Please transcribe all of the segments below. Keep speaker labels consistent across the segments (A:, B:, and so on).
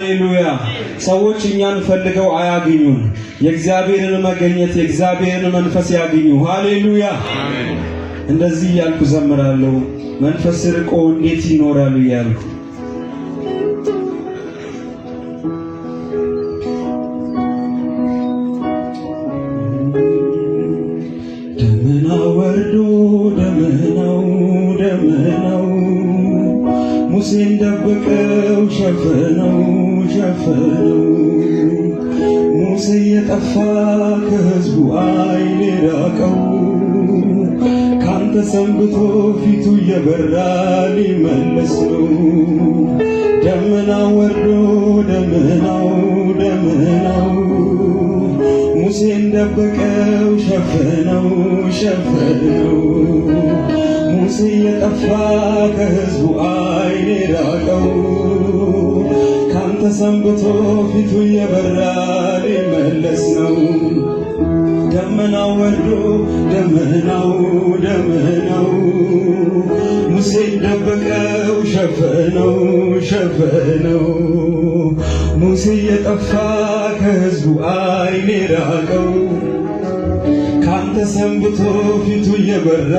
A: ሃሌሉያ! ሰዎች እኛን ፈልገው አያገኙን፣ የእግዚአብሔርን መገኘት የእግዚአብሔርን መንፈስ ያገኙ። ሃሌሉያ! እንደዚህ እያልኩ ዘምራለሁ። መንፈስ ርቆ እንዴት ይኖራል እያልኩ ደመና ወርዶ ደመናው ደመናው ሙሴን ደብቀው ሸፈነው ሸፈነው ሙሴ የጠፋ ከህዝቡ ዓይን ራቀው ካንተ ሰንብቶ ፊቱ እየበራ ሊመለስ ነው። ደመናው ወርዶ ደመናው ደመናው ሙሴን ደብቀው ሸፈነው ሸፈነው ሙሴ የጠፋ ከህዝቡ አይን ራቀው ካንተ ሰንብቶ ፊቱ የበራ ሊመለስ ነው። ደመናው ወርዶ ደመናው ደመናው ሙሴን ደበቀው ሸፈነው ሸፈነው ሙሴ የጠፋ ከሕዝቡ አይን የራቀው ካንተ ሰንብቶ ፊቱ እየበራ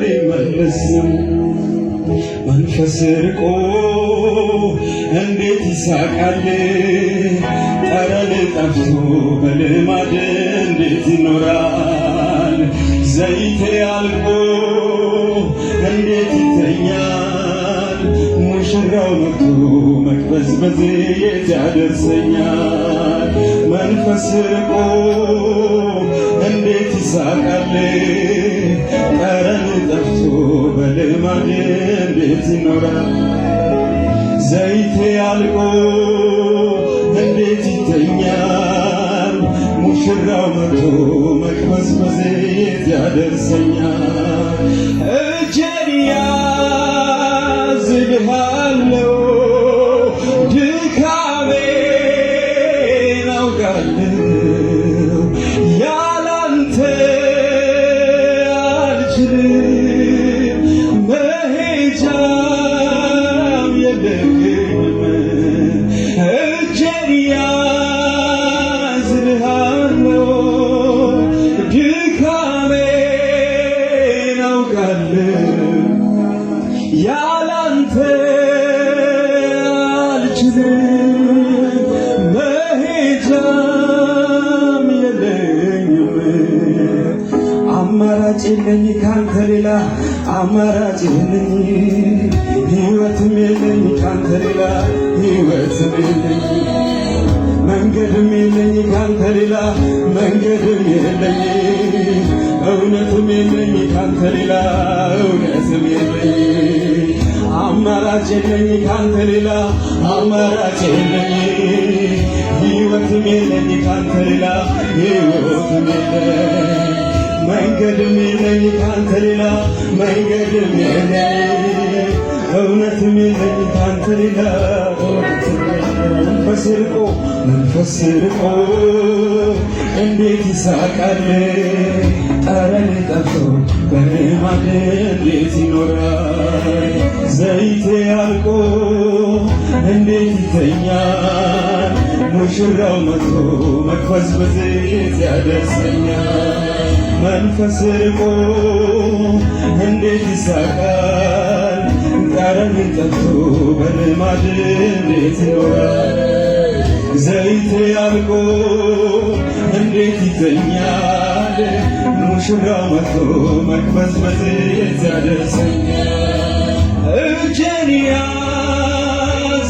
A: ሊመለስ መንፈስ ርቆ እንዴት ይሳቃል ጠረን ጠፍቶ በልማድ እንዴት ይኖራል ዘይቴ አልቆ እንዴት ይተኛል ሙሽራው መጥቶ ብዝብዝ የት ያደርሰኛል መንፈስ ርቆ እንዴት ይሳቃል ጠረን ጠፍቶ በልማድ እንዴት ይኖራል ዘይቴ አልቆ እንዴት ይተኛል ሙሽራው መቶ መቅበዝበዝ ያደርሰኛል መሸሸም የለኝም፣ አማራጭ የለኝ ካንተ ሌላ አማራጭ የለኝ፣ ሕይወትም የለኝ ካንተ ሌላ ሕይወትም የለኝ፣ መንገድም የለኝ ካንተ ሌላ መንገድም የለኝ፣ እውነትም የለኝ ካንተ ሌላ እውነትም የለኝ፣ አማራጭ የለኝ ካንተ ሌላ አማራጭ የለኝ ህይወትም የለኝ ካንተ ሌላ ሕይወትም የለኝ መንገድም የለኝ ካንተ ሌላ መንገድም የለኝ እውነትም የለኝ ካንተ ሌላ መንፈስ ርቆ መንፈስ ርቆ እንዴት ይሳቃል ጠረን ጠፍቶ በንማድ እንዴት ይኖራል ዘይቴ አልቆ እንዴት ይተኛል ሙሽራው መጥቶ መክፈዝ በዘይት ያደርሰኛል መንፈስ ርቆ እንዴት ይሳቃል ጠረን ጠፍቶ በንማድ እንዴት ይኖራል ዘይት ያልቆ እንዴት ይዘኛል ሙሽራ መቶ መቅበዝበዝ ያደርሰኛል እጄን ያዝሃለው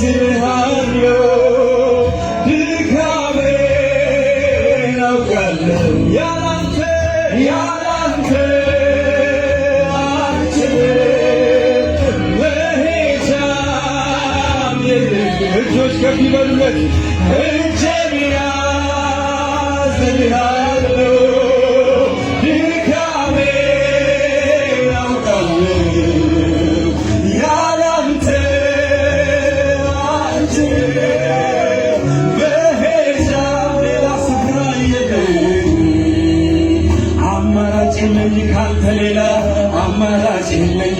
A: የለኝ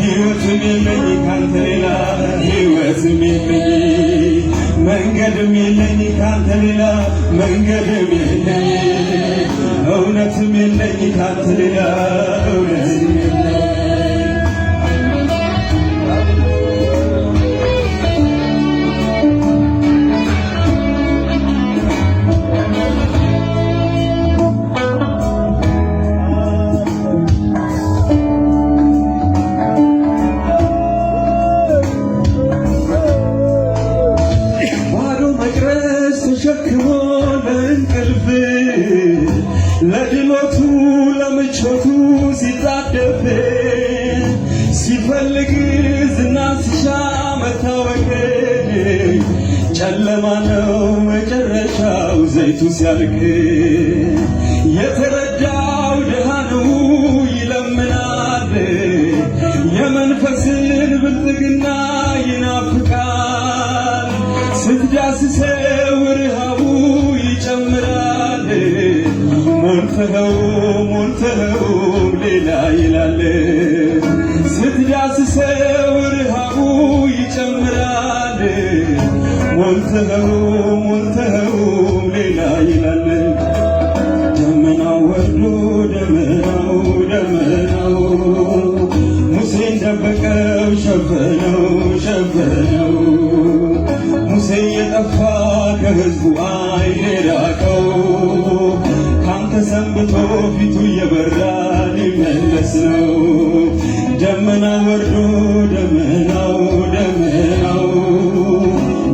A: ህይወትም የለኝ ካንተ ሌላ ህይወትም የለኝ መንገድም የለኝ ካንተ ሌላ መንገድም የለኝ እውነትም የለኝ ካንተ ሌላ ጨለማ ነው መጨረሻው ዘይቱ ሲያልቅ የተረዳው ድሃኑ ይለምናል የመንፈስን ብልጥግና ይናፍቃል ስትዳስሰው ርሃቡ ይጨምራል ሞልተኸው ሞልተኸው ሌላ ይላል ስትዳስሰው سلام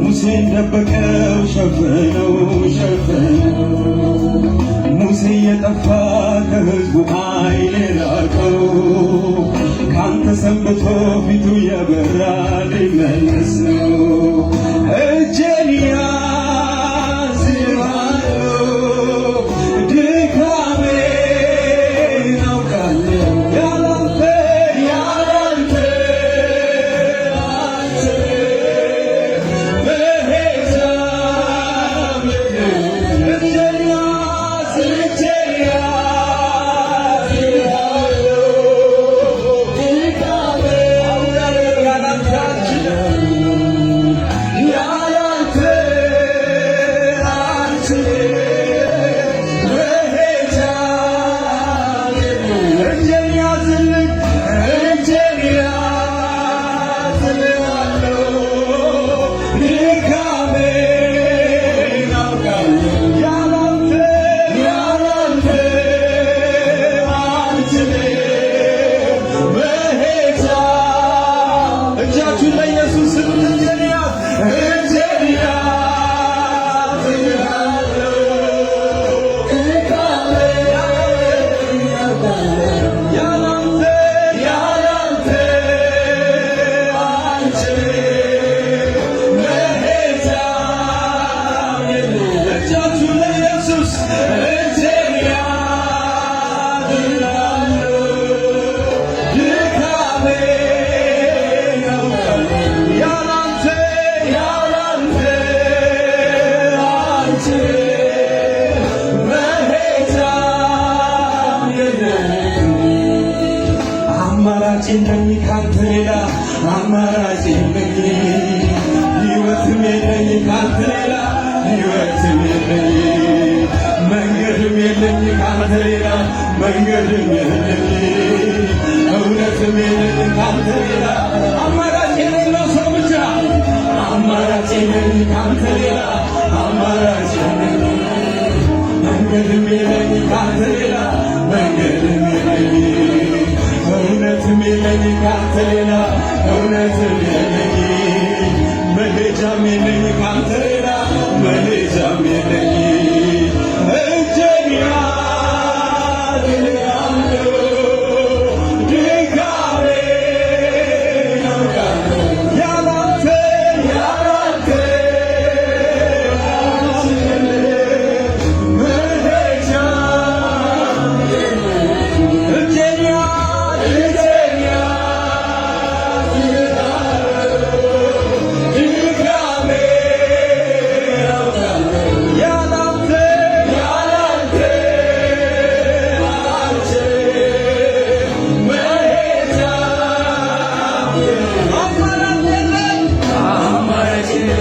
A: ሙሴን ደበቀው ሸፈነው ሸፈነው ሙሴ የጠፋ ከሕዝቡ አይን የራቀው ካንተ ሰንብቶ ፊቱ የበራ ሊመለስ ነው ካንተ ሌላ ሕይወትም የለኝም መንገድም የለኝ ካንተ ሌላ መንገድም የለኝ እውነትም የለኝ ካንተ ሌላ አማራጭ የሌለው ሰው ብቻ አማራጭ የለኝ ካንተ ሌላ አማራጭ የለኝ መንገድም የለኝ ካንተ ሌላ መንገድም የለኝ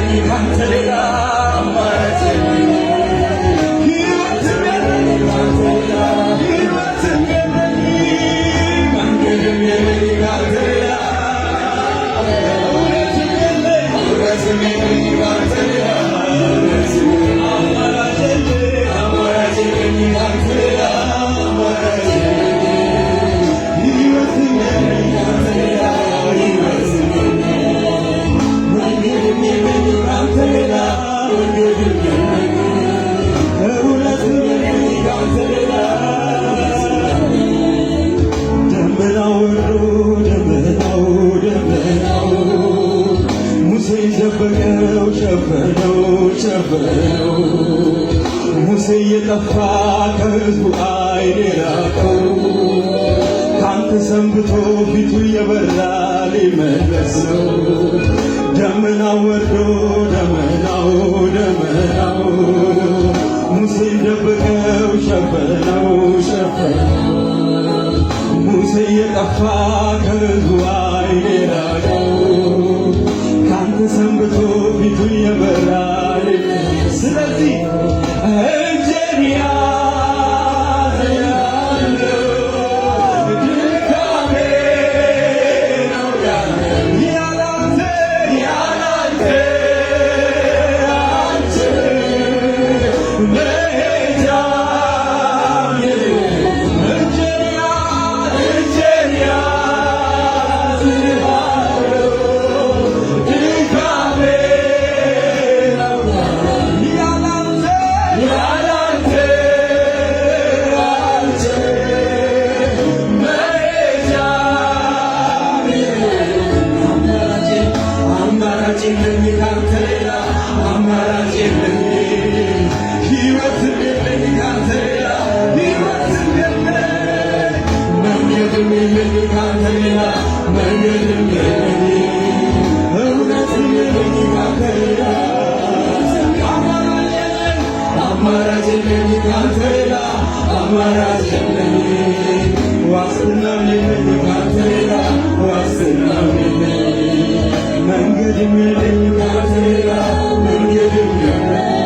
A: 이 밤새가 ደበቀው ሸፈነው ሸፈነው ሙሴ እየጠፋ ከህዝቡ ዓይን የራቀው ካንተ ሰንብቶ ፊቱ የበራ ሊመለስ ነው። ደመናው ወርዶ ደመናው ደመናው ሙሴ ደበቀው ሸፈነው ሸፈነው ሙሴ የጠፋ ከህዝቡ ዓይን የራቀው የበላይ ስለዚህ चलने का तेरा हमारा चलने वासना मिलने का तेरा वासना मिलने मंदिर मिलने का तेरा मंदिर मिलने